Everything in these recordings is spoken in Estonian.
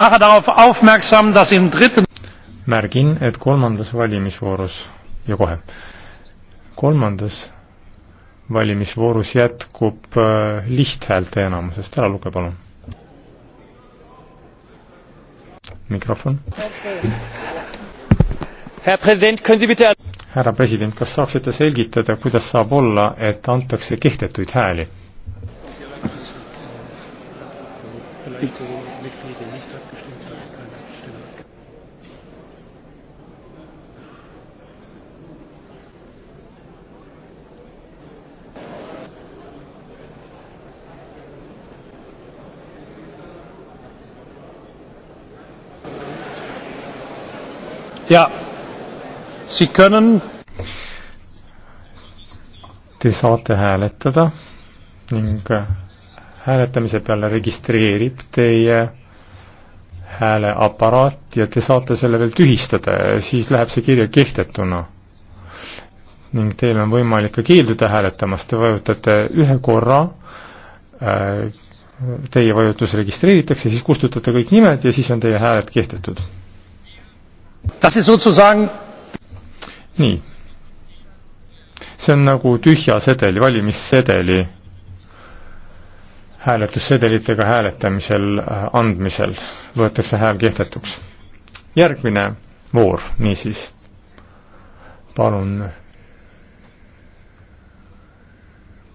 mache darauf aufmerksam, dass im dritten märgin, et kolmandas valimisvoorus ja kohe, kolmandas valimisvoorus jätkub äh, lihthäälte enamusest, ära luge palun. mikrofon okay.. härra president, kas saaksite selgitada, kuidas saab olla, et antakse kehtetuid hääli? Mitglieder nicht abgestimmt haben, keine Abstimmung. Ja, Sie können. Te saate hääletada ning hääletamise peale registreerib teie hääleaparaat ja te saate selle veel tühistada ja siis läheb see kirja kehtetuna. ning teil on võimalik ka keelduda hääletamast, te vajutate ühe korra äh,, teie vajutus registreeritakse, siis kustutate kõik nimed ja siis on teie hääled kehtetud. nii. see on nagu tühja sedeli, valimissedeli hääletussedelitega hääletamisel äh, andmisel võetakse hääl kehtetuks. järgmine voor, niisiis. palun,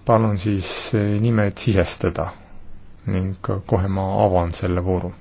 palun siis nimed sisestada ning kohe ma avan selle vooru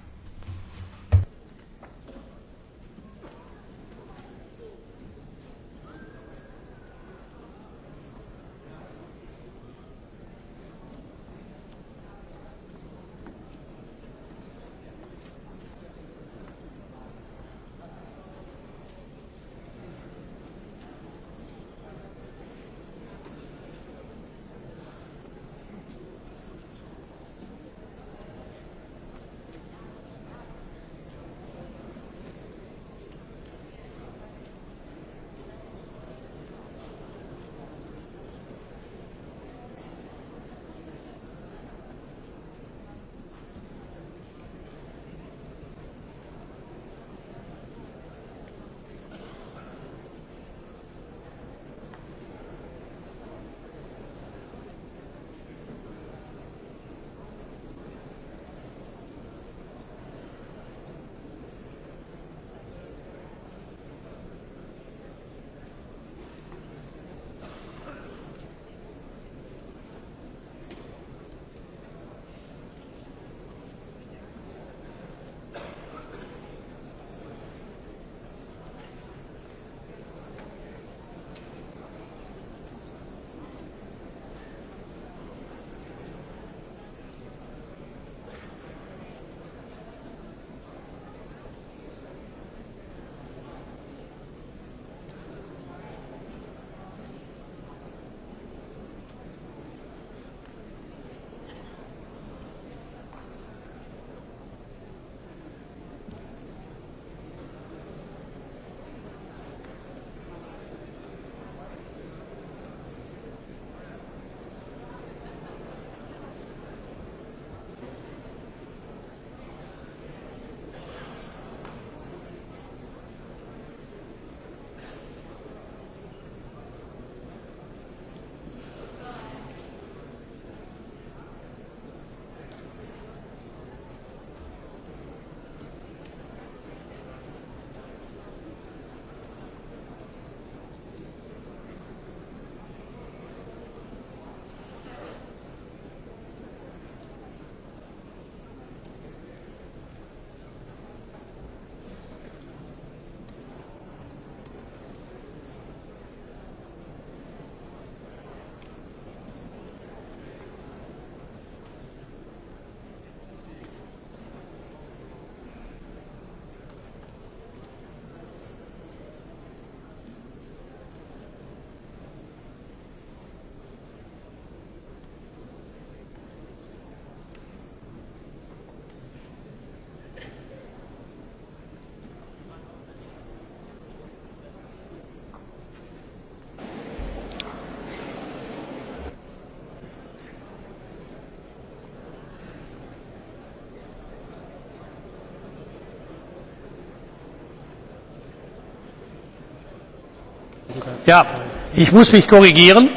ja, ich muss mich korrigieren.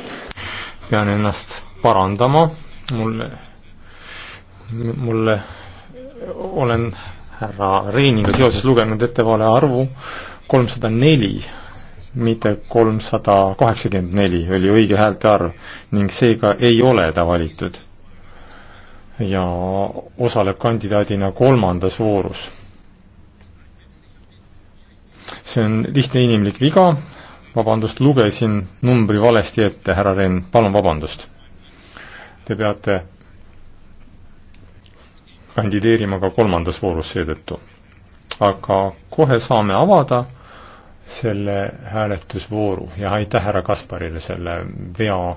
pean ennast parandama, mulle, mulle, olen härra Reiniga seoses lugenud ette vale arvu kolmsada neli, mitte kolmsada kaheksakümmend neli oli õige häälte arv ning seega ei ole ta valitud. ja osaleb kandidaadina kolmandas voorus see on lihtne inimlik viga, vabandust, lugesin numbri valesti ette, härra Renn, palun vabandust. Te peate kandideerima ka kolmandas voorus seetõttu. aga kohe saame avada selle hääletusvooru ja aitäh härra Kasparile selle vea,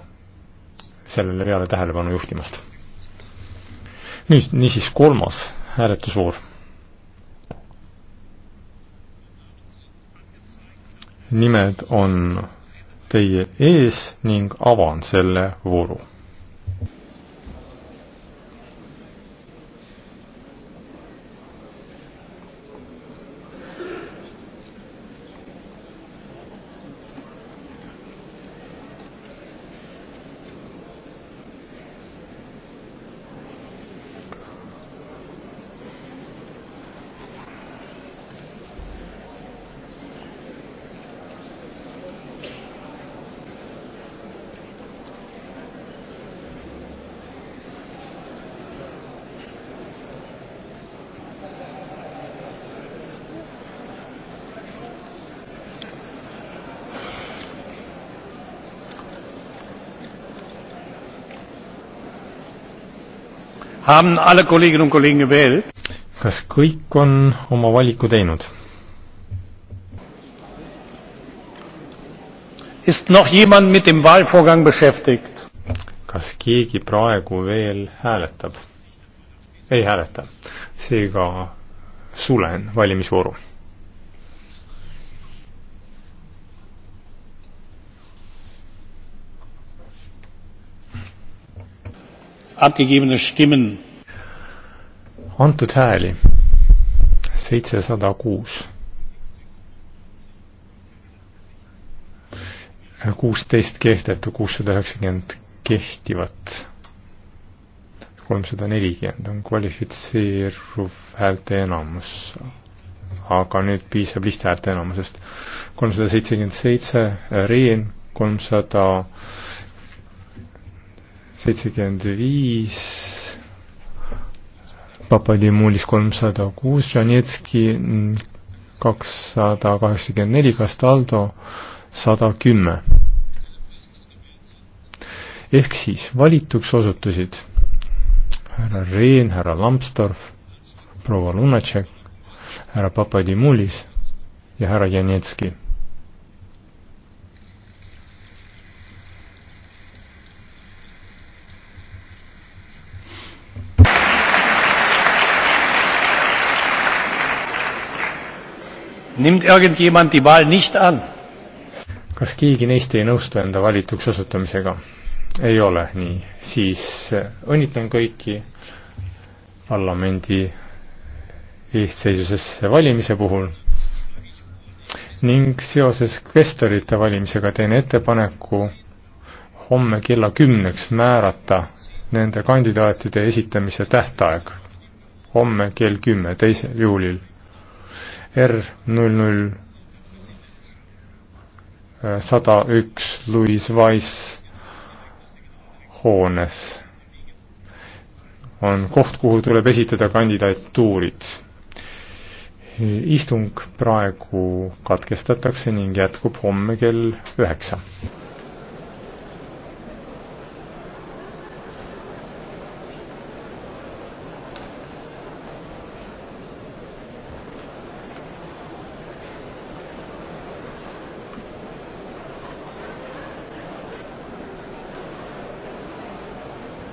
sellele veale tähelepanu juhtimast. nüüd, niisiis kolmas hääletusvoor nimed on teie ees ning avan selle vooru haben alle Kolleginnen und Kollegen gewählt? kas kõik on oma valiku teinud? Ist noch jemand mit dem Wahlvorgang beschäftigt? kas keegi praegu veel hääletab? ei hääleta. seega sulen valimisvooru. antud hääli seitsesada kuus. kuusteist kehtetu, kuussada üheksakümmend kehtivat. kolmsada nelikümmend on kvalifitseeruv häälte enamus. aga nüüd piisab lihthäälte enamusest. kolmsada seitsekümmend seitse, Reen, kolmsada 300 seitsekümmend viis, Papadimulis kolmsada kuus, Žanetski kakssada kaheksakümmend neli, Castaldo sada kümme. ehk siis valituks osutusid härra Rehn, härra Lambsdorff, proua Lunatšek, härra Papadimulis ja härra Janetski Nimmt irgendjemand die Wahl nicht an? kas keegi neist ei nõustu enda valituks osutumisega? ei ole nii, siis äh, õnnitlen kõiki parlamendi eestseisusesse valimise puhul ning seoses kvestorite valimisega teen ettepaneku homme kella kümneks määrata nende kandidaatide esitamise tähtaeg, homme kell kümme, teisel juulil R null null äh, sada üks Louis Wise hoones on koht, kuhu tuleb esitada kandidaatuurid. istung praegu katkestatakse ning jätkub homme kell üheksa.